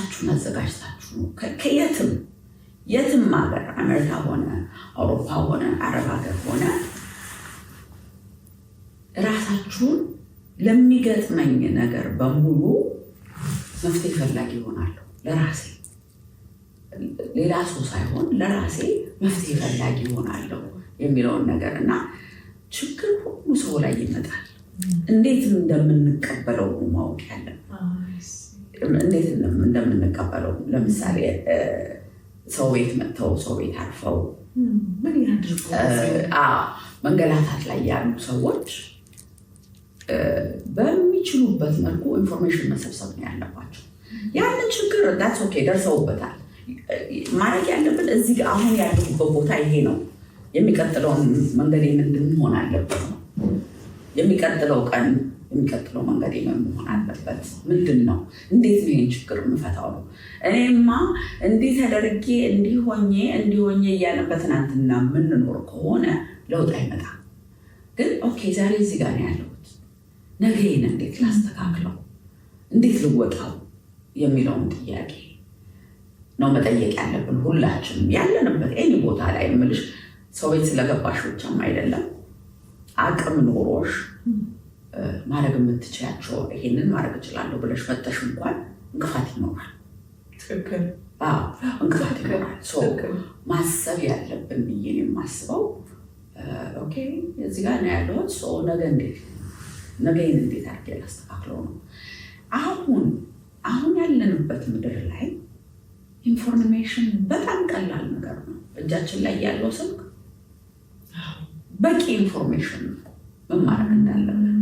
ራሳችሁን አዘጋጅታችሁ ከየትም የትም ሀገር አሜሪካ ሆነ አውሮፓ ሆነ አረብ ሀገር ሆነ ራሳችሁን ለሚገጥመኝ ነገር በሙሉ መፍትሄ ፈላጊ ይሆናለሁ። ለራሴ ሌላ ሰው ሳይሆን ለራሴ መፍትሄ ፈላጊ ይሆናለሁ የሚለውን ነገር እና ችግር ሁሉ ሰው ላይ ይመጣል። እንዴት እንደምንቀበለው ማወቅ ያለን እንዴት የምንቀበለው። ለምሳሌ ሰው ቤት መጥተው ሰው ቤት አርፈው መንገላታት ላይ ያሉ ሰዎች በሚችሉበት መልኩ ኢንፎርሜሽን መሰብሰብ ነው ያለባቸው። ያንን ችግር ዳትስ ኦኬ ደርሰውበታል። ማድረግ ያለብን እዚህ አሁን ያለሁበት ቦታ ይሄ ነው፣ የሚቀጥለውን መንገዴ ምንድን መሆን አለበት ነው የሚቀጥለው ቀን የሚቀጥለው መንገዴ ምን መሆን አለበት ምንድን ነው? እንዴት ነው ይህን ችግር የምፈታው ነው። እኔማ እንዲህ ተደርጌ እንዲሆኜ እንዲሆኜ እያለን በትናንትና የምንኖር ከሆነ ለውጥ አይመጣም። ግን ኦኬ ዛሬ እዚህ ጋር ነው ያለሁት፣ ነገን እንዴት ላስተካክለው፣ እንዴት ልወጣው የሚለውን ጥያቄ ነው መጠየቅ ያለብን ሁላችንም፣ ያለንበት ኤኒ ቦታ ላይ የምልሽ ሰው ቤት ስለገባሽ ብቻም አይደለም አቅም ኖሮሽ ማድረግ የምትችላቸው ይሄንን ማድረግ እችላለሁ ብለሽ ፈተሽ እንኳን እንቅፋት ይኖራል። እንግፋት እንቅፋት ይኖራል። ማሰብ ያለብን ብዬ ነው የማስበው። ኦኬ እዚህ ጋር ነው ያለሁት። ነገ እንዴት ነገይን እንዴት አድርጌ ላስተካክለው ነው። አሁን አሁን ያለንበት ምድር ላይ ኢንፎርሜሽን በጣም ቀላል ነገር ነው። እጃችን ላይ ያለው ስልክ በቂ ኢንፎርሜሽን ነው መማረግ እንዳለብን